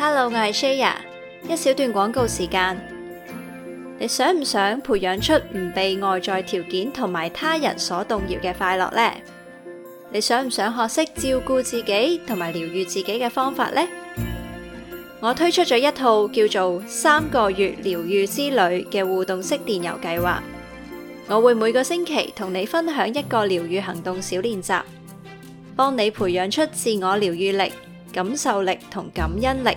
Hello，我係 Shira，一小段廣告時間。你想唔想培養出唔被外在條件同埋他人所動搖嘅快樂呢？你想唔想學識照顧自己同埋療愈自己嘅方法呢？我推出咗一套叫做《三個月療愈之旅》嘅互動式電郵計劃。我會每個星期同你分享一個療愈行動小練習，幫你培養出自我療愈力、感受力同感恩力。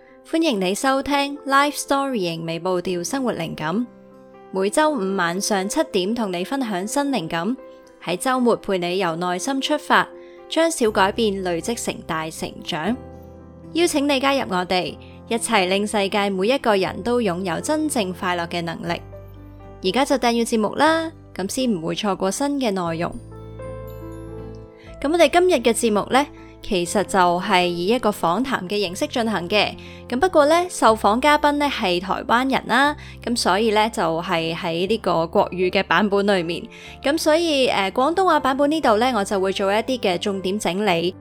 歡迎你收聽 Life Storying 微步調生活靈感，每周五晚上七點同你分享新靈感，喺周末陪你由內心出發，將小改變累積成大成長。邀請你加入我哋一齊令世界每一個人都擁有真正快樂嘅能力，而家就訂閱節目啦，咁先唔會錯過新嘅內容。咁我哋今日嘅節目呢，其實就係以一個訪談嘅形式進行嘅，咁不過呢，受訪嘉賓呢係台灣人啦，啊，咁所以呢，就係喺呢個國語嘅版本裡面，咁所以誒、呃、廣東話版本呢度呢，我就會做一啲嘅重點整理，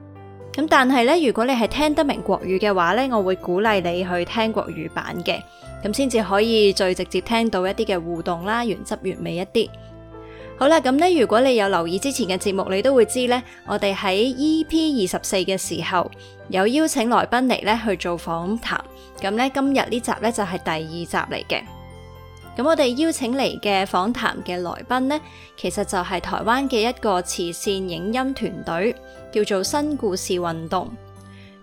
咁但係呢，如果你係聽得明國語嘅話呢，我會鼓勵你去聽國語版嘅，咁先至可以最直接聽到一啲嘅互動啦，原汁原味一啲。好啦，咁咧，如果你有留意之前嘅節目，你都會知咧，我哋喺 EP 二十四嘅時候有邀請來賓嚟咧去做訪談。咁咧，今日呢集咧就係第二集嚟嘅。咁我哋邀請嚟嘅訪談嘅來賓咧，其實就係台灣嘅一個慈善影音團隊，叫做新故事運動。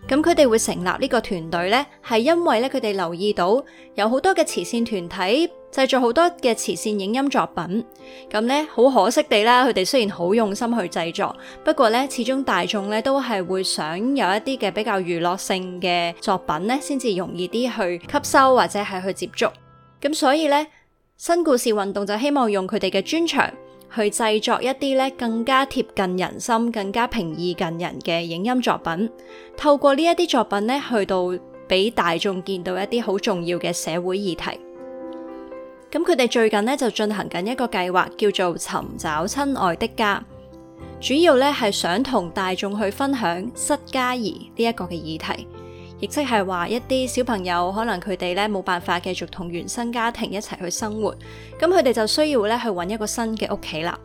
咁佢哋會成立呢個團隊咧，係因為咧佢哋留意到有好多嘅慈善團體。製作好多嘅慈善影音作品，咁咧好可惜地啦。佢哋雖然好用心去製作，不過咧始終大眾咧都係會想有一啲嘅比較娛樂性嘅作品咧，先至容易啲去吸收或者係去接觸。咁所以咧，新故事運動就希望用佢哋嘅專長去製作一啲咧更加貼近人心、更加平易近人嘅影音作品。透過呢一啲作品咧，去到俾大眾見到一啲好重要嘅社會議題。咁佢哋最近咧就進行緊一個計劃，叫做尋找親愛的家，主要咧係想同大眾去分享失家兒呢一個嘅議題，亦即係話一啲小朋友可能佢哋咧冇辦法繼續同原生家庭一齊去生活，咁佢哋就需要咧去揾一個新嘅屋企啦。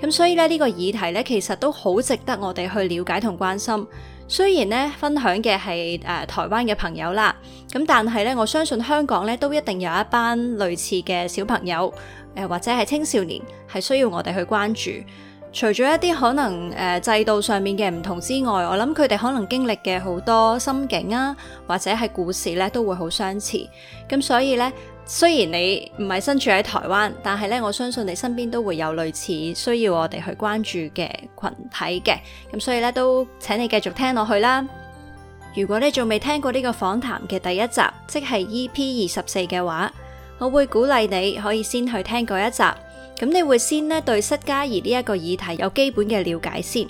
咁所以咧呢個議題咧其實都好值得我哋去了解同關心，雖然咧分享嘅係誒台灣嘅朋友啦。咁但係咧，我相信香港咧都一定有一班類似嘅小朋友，誒、呃、或者係青少年係需要我哋去關注。除咗一啲可能誒、呃、制度上面嘅唔同之外，我諗佢哋可能經歷嘅好多心境啊，或者係故事咧都會好相似。咁所以咧，雖然你唔係身處喺台灣，但係咧，我相信你身邊都會有類似需要我哋去關注嘅群體嘅。咁所以咧，都請你繼續聽落去啦。如果你仲未聽過呢個訪談嘅第一集，即係 E.P. 二十四嘅話，我會鼓勵你可以先去聽嗰一集。咁你會先咧對失家兒呢一個議題有基本嘅了解先。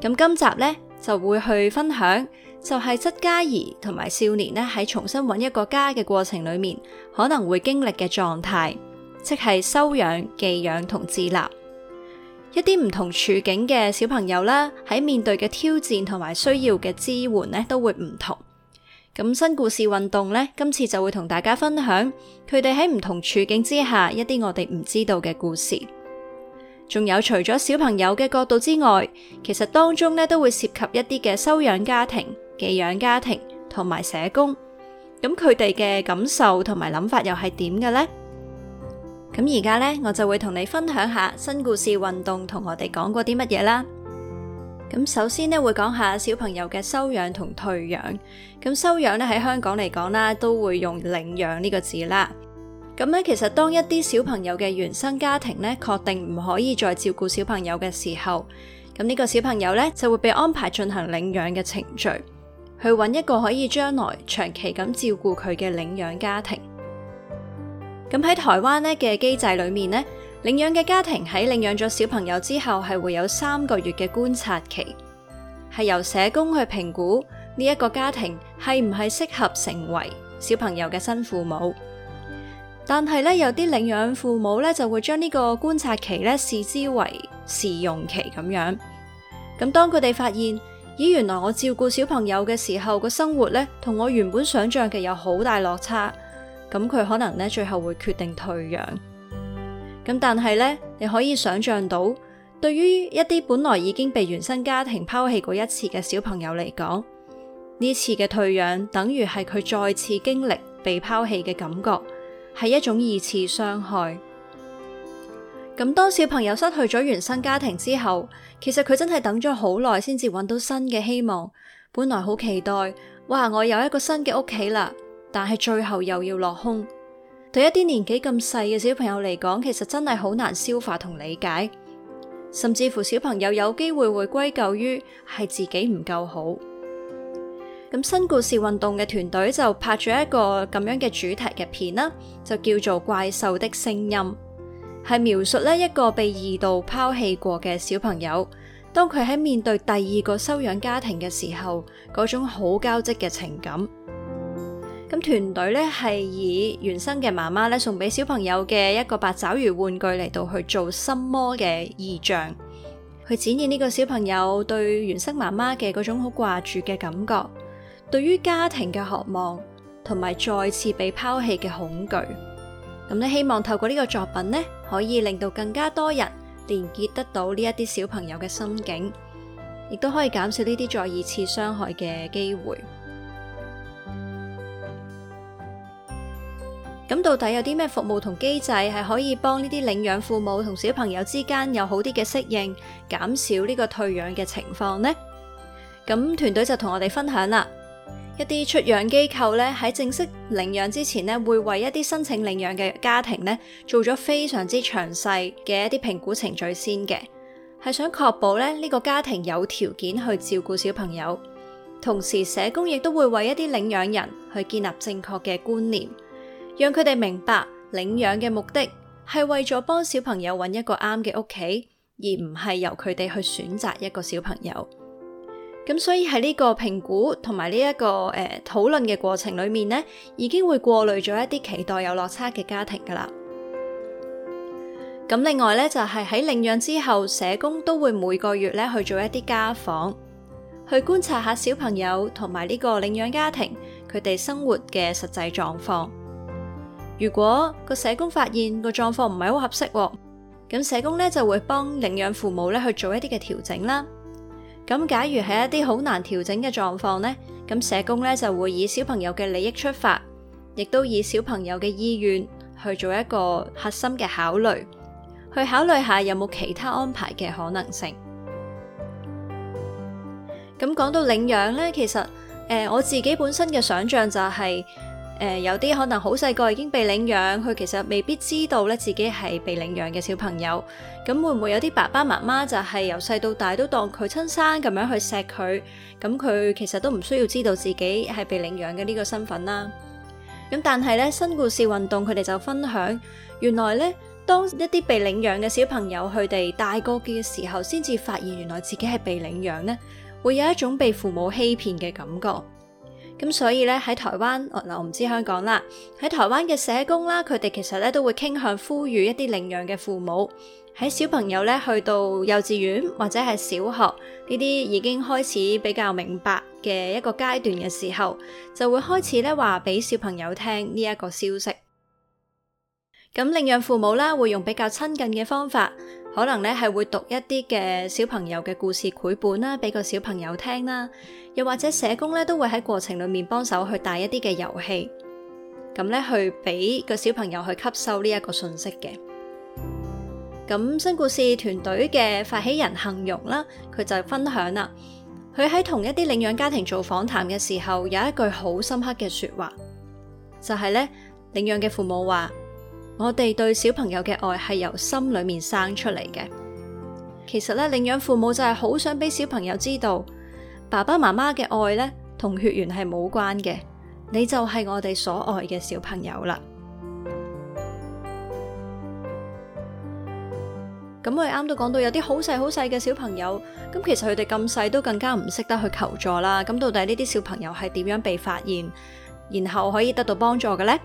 咁今集呢，就會去分享，就係、是、失家兒同埋少年咧喺重新揾一個家嘅過程裏面，可能會經歷嘅狀態，即係收養、寄養同自立。一啲唔同處境嘅小朋友啦，喺面對嘅挑戰同埋需要嘅支援呢，都會唔同。咁新故事運動呢，今次就會同大家分享，佢哋喺唔同處境之下，一啲我哋唔知道嘅故事。仲有除咗小朋友嘅角度之外，其實當中呢，都會涉及一啲嘅收養家庭、寄養家庭同埋社工。咁佢哋嘅感受同埋諗法又係點嘅呢？咁而家呢，我就會同你分享下新故事運動同我哋講過啲乜嘢啦。咁首先呢，會講下小朋友嘅收養同退養。咁收養呢，喺香港嚟講啦，都會用領養呢個字啦。咁咧，其實當一啲小朋友嘅原生家庭呢，確定唔可以再照顧小朋友嘅時候，咁呢個小朋友呢，就會被安排進行領養嘅程序，去揾一個可以將來長期咁照顧佢嘅領養家庭。咁喺台灣咧嘅機制裏面咧，領養嘅家庭喺領養咗小朋友之後，係會有三個月嘅觀察期，係由社工去評估呢一個家庭係唔係適合成為小朋友嘅新父母。但係咧，有啲領養父母咧就會將呢個觀察期咧視之為試用期咁樣。咁當佢哋發現，咦，以原來我照顧小朋友嘅時候，個生活咧，同我原本想像嘅有好大落差。咁佢可能咧，最後會決定退養。咁但係咧，你可以想象到，對於一啲本來已經被原生家庭拋棄過一次嘅小朋友嚟講，呢次嘅退養等於係佢再次經歷被拋棄嘅感覺，係一種二次傷害。咁當小朋友失去咗原生家庭之後，其實佢真係等咗好耐先至揾到新嘅希望。本來好期待，哇！我有一個新嘅屋企啦。但係最後又要落空，對一啲年紀咁細嘅小朋友嚟講，其實真係好難消化同理解，甚至乎小朋友有機會會歸咎於係自己唔夠好。咁新故事運動嘅團隊就拍咗一個咁樣嘅主題嘅片啦，就叫做《怪獸的聲音》，係描述呢一個被二度拋棄過嘅小朋友，當佢喺面對第二個收養家庭嘅時候，嗰種好交織嘅情感。咁團隊咧係以原生嘅媽媽咧送俾小朋友嘅一個八爪魚玩具嚟到去做心魔嘅意象，去展現呢個小朋友對原生媽媽嘅嗰種好掛住嘅感覺，對於家庭嘅渴望，同埋再次被拋棄嘅恐懼。咁咧希望透過呢個作品咧，可以令到更加多人連結得到呢一啲小朋友嘅心境，亦都可以減少呢啲再二次傷害嘅機會。咁到底有啲咩服務同機制係可以幫呢啲領養父母同小朋友之間有好啲嘅適應，減少呢個退養嘅情況呢？咁團隊就同我哋分享啦，一啲出養機構咧喺正式領養之前咧，會為一啲申請領養嘅家庭咧做咗非常之詳細嘅一啲評估程序先嘅，係想確保咧呢個家庭有條件去照顧小朋友，同時社工亦都會為一啲領養人去建立正確嘅觀念。讓佢哋明白領養嘅目的係為咗幫小朋友揾一個啱嘅屋企，而唔係由佢哋去選擇一個小朋友。咁所以喺呢個評估同埋呢一個誒、呃、討論嘅過程裏面，呢已經會過濾咗一啲期待有落差嘅家庭噶啦。咁另外呢，就係、是、喺領養之後，社工都會每個月咧去做一啲家訪，去觀察下小朋友同埋呢個領養家庭佢哋生活嘅實際狀況。如果個社工發現個狀況唔係好合適，咁社工咧就會幫領養父母咧去做一啲嘅調整啦。咁假如係一啲好難調整嘅狀況咧，咁社工咧就會以小朋友嘅利益出發，亦都以小朋友嘅意願去做一個核心嘅考慮，去考慮下有冇其他安排嘅可能性。咁講到領養咧，其實誒我自己本身嘅想象就係。誒、呃，有啲可能好細個已經被領養，佢其實未必知道咧自己係被領養嘅小朋友。咁會唔會有啲爸爸媽媽就係由細到大都當佢親生咁樣去錫佢？咁佢其實都唔需要知道自己係被領養嘅呢個身份啦。咁但係咧，新故事運動佢哋就分享，原來咧當一啲被領養嘅小朋友，佢哋大個嘅時候，先至發現原來自己係被領養呢，會有一種被父母欺騙嘅感覺。咁所以咧喺台灣嗱，我唔知香港啦。喺台灣嘅社工啦，佢哋其實咧都會傾向呼籲一啲領養嘅父母喺小朋友咧去到幼稚園或者係小學呢啲已經開始比較明白嘅一個階段嘅時候，就會開始咧話俾小朋友聽呢一個消息。咁領養父母咧會用比較親近嘅方法。可能咧係會讀一啲嘅小朋友嘅故事繪本啦，俾個小朋友聽啦，又或者社工咧都會喺過程裏面幫手去帶一啲嘅遊戲，咁咧去俾個小朋友去吸收呢一個信息嘅。咁新故事團隊嘅發起人杏榮啦，佢就分享啦，佢喺同一啲領養家庭做訪談嘅時候，有一句好深刻嘅說話，就係咧領養嘅父母話。我哋對小朋友嘅愛係由心裏面生出嚟嘅。其實咧，領養父母就係好想俾小朋友知道，爸爸媽媽嘅愛咧同血緣係冇關嘅，你就係我哋所愛嘅小朋友啦。咁 我哋啱都講到有啲好細好細嘅小朋友，咁其實佢哋咁細都更加唔識得去求助啦。咁到底呢啲小朋友係點樣被發現，然後可以得到幫助嘅呢？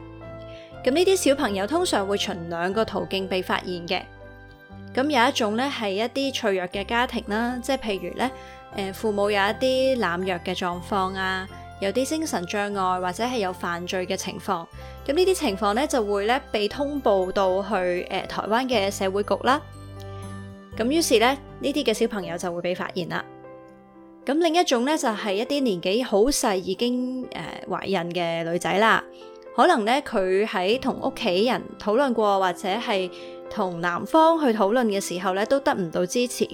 咁呢啲小朋友通常會循兩個途徑被發現嘅，咁有一種咧係一啲脆弱嘅家庭啦，即係譬如咧，誒、呃、父母有一啲濫藥嘅狀況啊，有啲精神障礙或者係有犯罪嘅情況，咁呢啲情況咧就會咧被通報到去誒、呃、台灣嘅社會局啦，咁於是咧呢啲嘅小朋友就會被發現啦。咁另一種咧就係、是、一啲年紀好細已經誒懷、呃、孕嘅女仔啦。可能咧，佢喺同屋企人討論過，或者係同男方去討論嘅時候咧，都得唔到支持，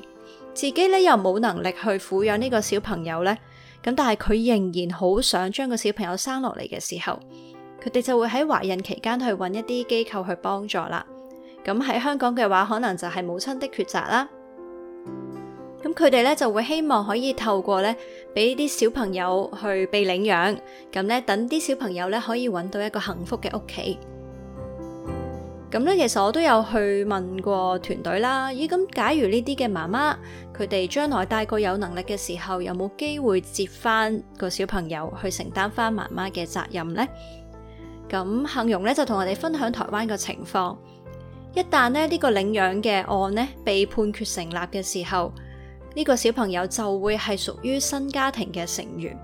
自己咧又冇能力去撫養呢個小朋友咧，咁但係佢仍然好想將個小朋友生落嚟嘅時候，佢哋就會喺懷孕期間去搵一啲機構去幫助啦。咁喺香港嘅話，可能就係母親的抉擇啦。咁佢哋咧就會希望可以透過咧，俾啲小朋友去被領養，咁咧等啲小朋友咧可以搵到一個幸福嘅屋企。咁咧其實我都有去問過團隊啦，咦，咁假如呢啲嘅媽媽，佢哋將來大個有能力嘅時候，有冇機會接翻個小朋友去承擔翻媽媽嘅責任呢？咁幸榮咧就同我哋分享台灣嘅情況，一旦呢，呢個領養嘅案呢，被判決成立嘅時候。呢個小朋友就會係屬於新家庭嘅成員，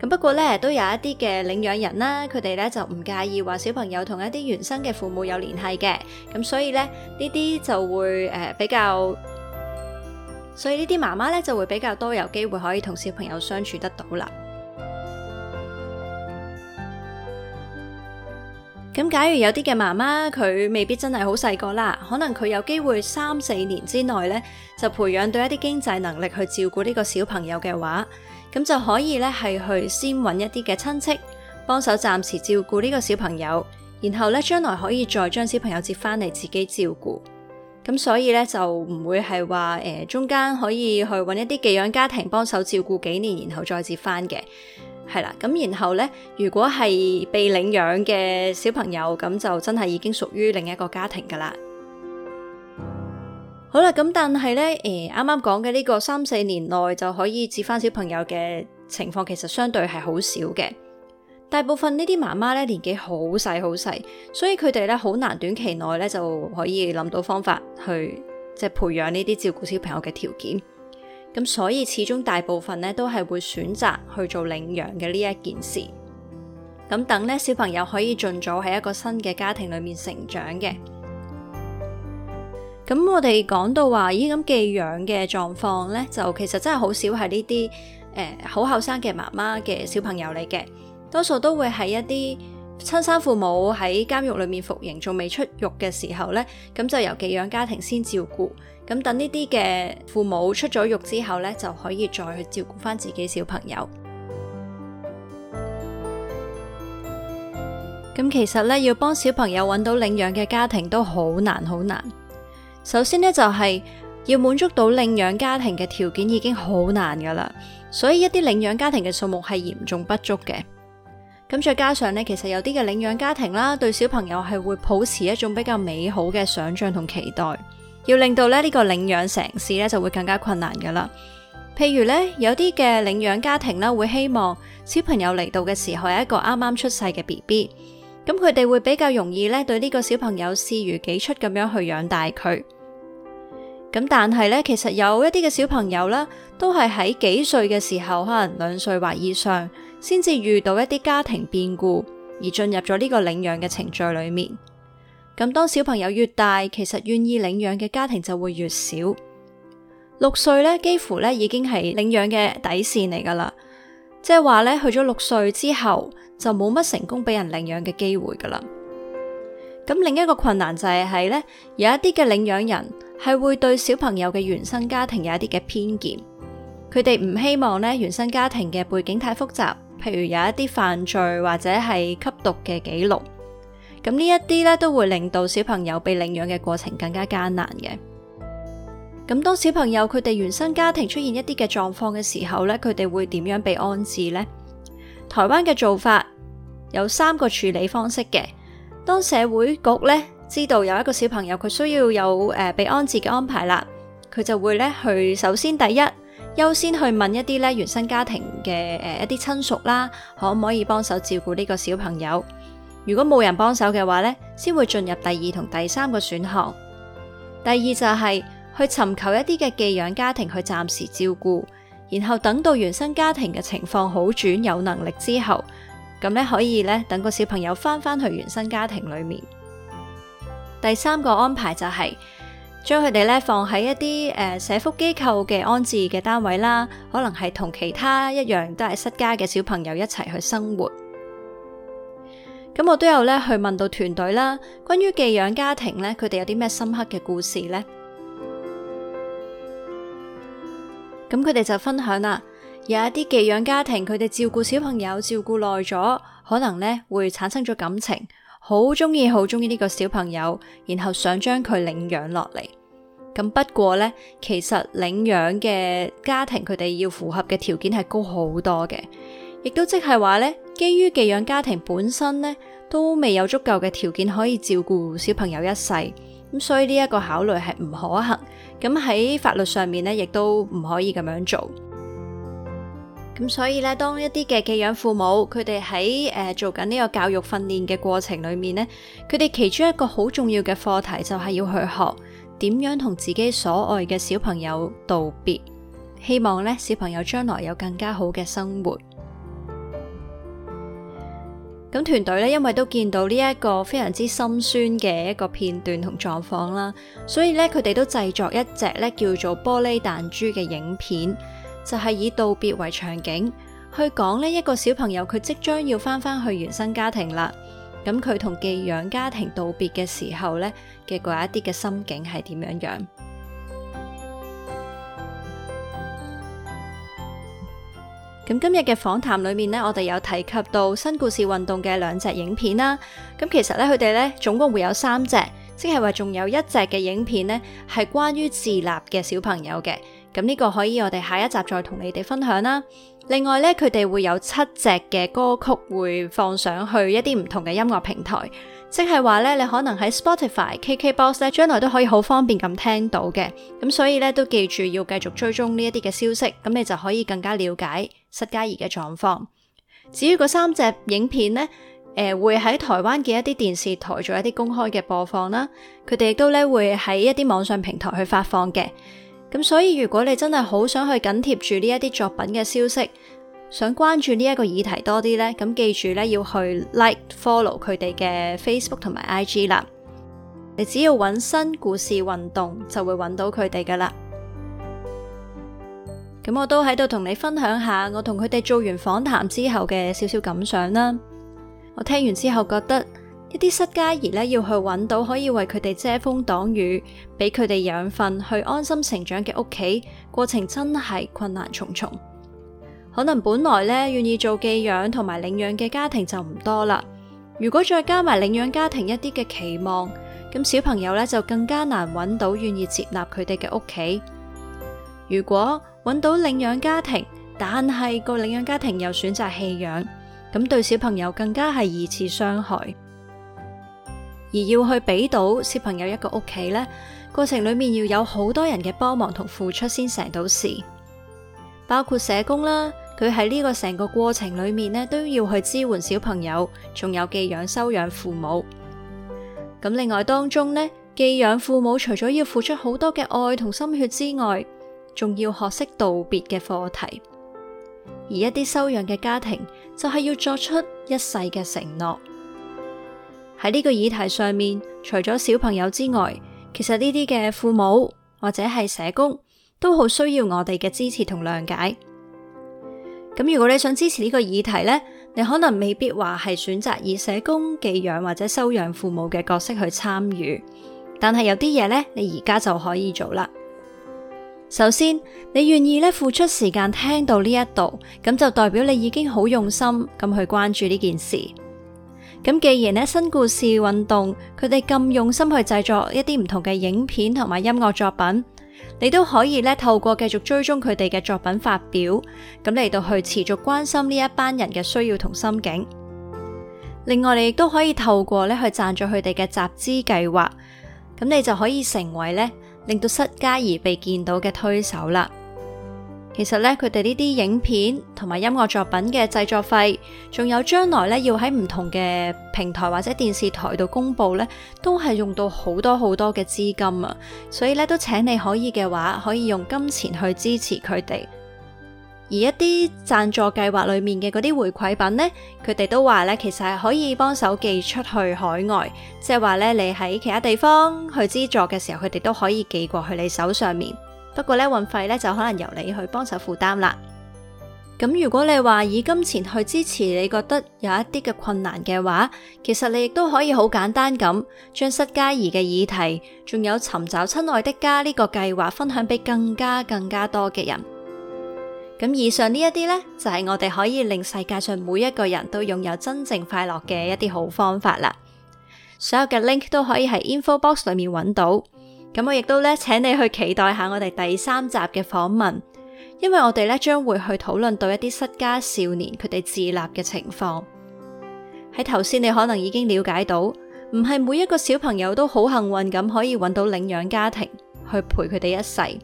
咁不過呢，都有一啲嘅領養人啦，佢哋呢就唔介意話小朋友同一啲原生嘅父母有聯繫嘅，咁所以呢，呢啲就會誒、呃、比較，所以呢啲媽媽呢，就會比較多有機會可以同小朋友相處得到啦。咁假如有啲嘅媽媽，佢未必真係好細個啦，可能佢有機會三四年之內咧，就培養到一啲經濟能力去照顧呢個小朋友嘅話，咁就可以咧係去先揾一啲嘅親戚幫手暫時照顧呢個小朋友，然後咧將來可以再將小朋友接翻嚟自己照顧。咁所以咧就唔會係話誒中間可以去揾一啲寄養家庭幫手照顧幾年，然後再接翻嘅。係啦，咁然後咧，如果係被領養嘅小朋友，咁就真係已經屬於另一個家庭噶啦。好啦，咁但係咧，誒啱啱講嘅呢個三四年內就可以接翻小朋友嘅情況，其實相對係好少嘅。大部分呢啲媽媽咧年紀好細好細，所以佢哋咧好難短期內咧就可以諗到方法去即係、就是、培養呢啲照顧小朋友嘅條件。咁所以始終大部分咧都係會選擇去做領養嘅呢一件事。咁等咧小朋友可以盡早喺一個新嘅家庭裏面成長嘅。咁我哋講到話，咦，咁寄養嘅狀況咧，就其實真係好少係呢啲誒，好後生嘅媽媽嘅小朋友嚟嘅，多數都會喺一啲親生父母喺監獄裏面服刑仲未出獄嘅時候咧，咁就由寄養家庭先照顧。咁等呢啲嘅父母出咗獄之後呢，就可以再去照顧翻自己小朋友。咁 其實呢，要幫小朋友揾到領養嘅家庭都好難好難。首先呢，就係要滿足到領養家庭嘅條件已經好難噶啦，所以一啲領養家庭嘅數目係嚴重不足嘅。咁再加上呢，其實有啲嘅領養家庭啦，對小朋友係會抱持一種比較美好嘅想像同期待。要令到咧呢個領養成事咧就會更加困難噶啦。譬如咧有啲嘅領養家庭啦，會希望小朋友嚟到嘅時候係一個啱啱出世嘅 BB，咁佢哋會比較容易咧對呢個小朋友視如己出咁樣去養大佢。咁但係咧，其實有一啲嘅小朋友咧都係喺幾歲嘅時候，可能兩歲或以上先至遇到一啲家庭變故而進入咗呢個領養嘅程序裏面。咁當小朋友越大，其實願意領養嘅家庭就會越少。六歲咧，幾乎咧已經係領養嘅底線嚟噶啦，即係話咧去咗六歲之後，就冇乜成功俾人領養嘅機會噶啦。咁另一個困難就係喺咧有一啲嘅領養人係會對小朋友嘅原生家庭有一啲嘅偏見，佢哋唔希望咧原生家庭嘅背景太複雜，譬如有一啲犯罪或者係吸毒嘅記錄。咁呢一啲咧，都會令到小朋友被領養嘅過程更加艱難嘅。咁當小朋友佢哋原生家庭出現一啲嘅狀況嘅時候咧，佢哋會點樣被安置呢？台灣嘅做法有三個處理方式嘅。當社會局咧知道有一個小朋友佢需要有誒、呃、被安置嘅安排啦，佢就會咧去首先第一優先去問一啲咧原生家庭嘅誒、呃、一啲親屬啦，可唔可以幫手照顧呢個小朋友？如果冇人幫手嘅話呢，先會進入第二同第三個選項。第二就係、是、去尋求一啲嘅寄養家庭去暫時照顧，然後等到原生家庭嘅情況好轉，有能力之後，咁咧可以咧等個小朋友翻返去原生家庭裏面。第三個安排就係、是、將佢哋咧放喺一啲誒、呃、社福機構嘅安置嘅單位啦，可能係同其他一樣都係失家嘅小朋友一齊去生活。咁我都有咧去問到團隊啦，關於寄養家庭咧，佢哋有啲咩深刻嘅故事呢？咁佢哋就分享啦，有一啲寄養家庭，佢哋照顧小朋友照顧耐咗，可能咧會產生咗感情，好中意好中意呢個小朋友，然後想將佢領養落嚟。咁不過咧，其實領養嘅家庭，佢哋要符合嘅條件係高好多嘅，亦都即係話咧。基於寄養家庭本身咧，都未有足夠嘅條件可以照顧小朋友一世，咁所以呢一個考慮係唔可行。咁喺法律上面咧，亦都唔可以咁樣做。咁所以咧，當一啲嘅寄養父母，佢哋喺誒做緊呢個教育訓練嘅過程裏面咧，佢哋其中一個好重要嘅課題就係要去學點樣同自己所愛嘅小朋友道別，希望咧小朋友將來有更加好嘅生活。咁團隊咧，因為都見到呢一個非常之心酸嘅一個片段同狀況啦，所以咧佢哋都製作一隻咧叫做《玻璃彈珠》嘅影片，就係以道別為場景去講呢一個小朋友佢即將要翻返去原生家庭啦。咁佢同寄養家庭道別嘅時候咧嘅嗰一啲嘅心境係點樣樣？咁今日嘅訪談裏面呢，我哋有提及到新故事運動嘅兩隻影片啦。咁其實咧，佢哋呢總共會有三隻，即係話仲有一隻嘅影片呢係關於自立嘅小朋友嘅。咁、這、呢個可以我哋下一集再同你哋分享啦。另外咧，佢哋會有七隻嘅歌曲會放上去一啲唔同嘅音樂平台，即係話咧，你可能喺 Spotify、KKBox 咧，將來都可以好方便咁聽到嘅。咁所以咧，都記住要繼續追蹤呢一啲嘅消息，咁你就可以更加了解失家怡嘅狀況。至於嗰三隻影片咧，誒、呃、會喺台灣嘅一啲電視台做一啲公開嘅播放啦，佢哋都咧會喺一啲網上平台去發放嘅。咁所以如果你真係好想去緊貼住呢一啲作品嘅消息，想關注呢一個議題多啲呢，咁記住呢，要去 like follow 佢哋嘅 Facebook 同埋 IG 啦。你只要揾新故事運動就會揾到佢哋㗎啦。咁我都喺度同你分享下，我同佢哋做完訪談之後嘅少少感想啦。我聽完之後覺得。一啲失家兒咧，要去揾到可以為佢哋遮風擋雨，俾佢哋養分，去安心成長嘅屋企，過程真係困難重重。可能本來咧願意做寄養同埋領養嘅家庭就唔多啦。如果再加埋領養家庭一啲嘅期望，咁小朋友咧就更加難揾到願意接納佢哋嘅屋企。如果揾到領養家庭，但係個領養家庭又選擇棄養，咁對小朋友更加係二次傷害。而要去俾到小朋友一個屋企呢，過程裏面要有好多人嘅幫忙同付出先成到事，包括社工啦，佢喺呢個成個過程裏面呢，都要去支援小朋友，仲有寄養收養父母。咁另外當中呢，寄養父母除咗要付出好多嘅愛同心血之外，仲要學識道別嘅課題。而一啲收養嘅家庭就係要作出一世嘅承諾。喺呢個議題上面，除咗小朋友之外，其實呢啲嘅父母或者係社工都好需要我哋嘅支持同諒解。咁如果你想支持呢個議題呢，你可能未必話係選擇以社工寄養或者收養父母嘅角色去參與，但係有啲嘢呢，你而家就可以做啦。首先，你願意咧付出時間聽到呢一度，咁就代表你已經好用心咁去關注呢件事。咁既然呢新故事運動，佢哋咁用心去製作一啲唔同嘅影片同埋音樂作品，你都可以呢透過繼續追蹤佢哋嘅作品發表，咁嚟到去持續關心呢一班人嘅需要同心境。另外你亦都可以透過呢去贊助佢哋嘅集資計劃，咁你就可以成為呢令到失家而被見到嘅推手啦。其實咧，佢哋呢啲影片同埋音樂作品嘅製作費，仲有將來咧要喺唔同嘅平台或者電視台度公佈咧，都係用到好多好多嘅資金啊！所以咧，都請你可以嘅話，可以用金錢去支持佢哋。而一啲贊助計劃裏面嘅嗰啲回饋品咧，佢哋都話咧，其實係可以幫手寄出去海外，即係話咧，你喺其他地方去資助嘅時候，佢哋都可以寄過去你手上面。不過咧，運費咧就可能由你去幫手負擔啦。咁如果你話以金錢去支持，你覺得有一啲嘅困難嘅話，其實你亦都可以好簡單咁，將失家兒嘅議題，仲有尋找親愛的家呢個計劃分享俾更加更加多嘅人。咁以上呢一啲呢，就係我哋可以令世界上每一個人都擁有真正快樂嘅一啲好方法啦。所有嘅 link 都可以喺 info box 裏面揾到。咁我亦都咧，請你去期待下我哋第三集嘅訪問，因為我哋咧將會去討論到一啲失家少年佢哋自立嘅情況。喺頭先，你可能已經了解到，唔係每一個小朋友都好幸運咁可以揾到領養家庭去陪佢哋一世。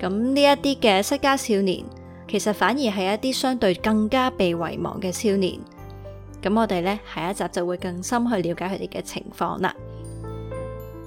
咁呢一啲嘅失家少年，其實反而係一啲相對更加被遺忘嘅少年。咁我哋咧，下一集就會更深去了解佢哋嘅情況啦。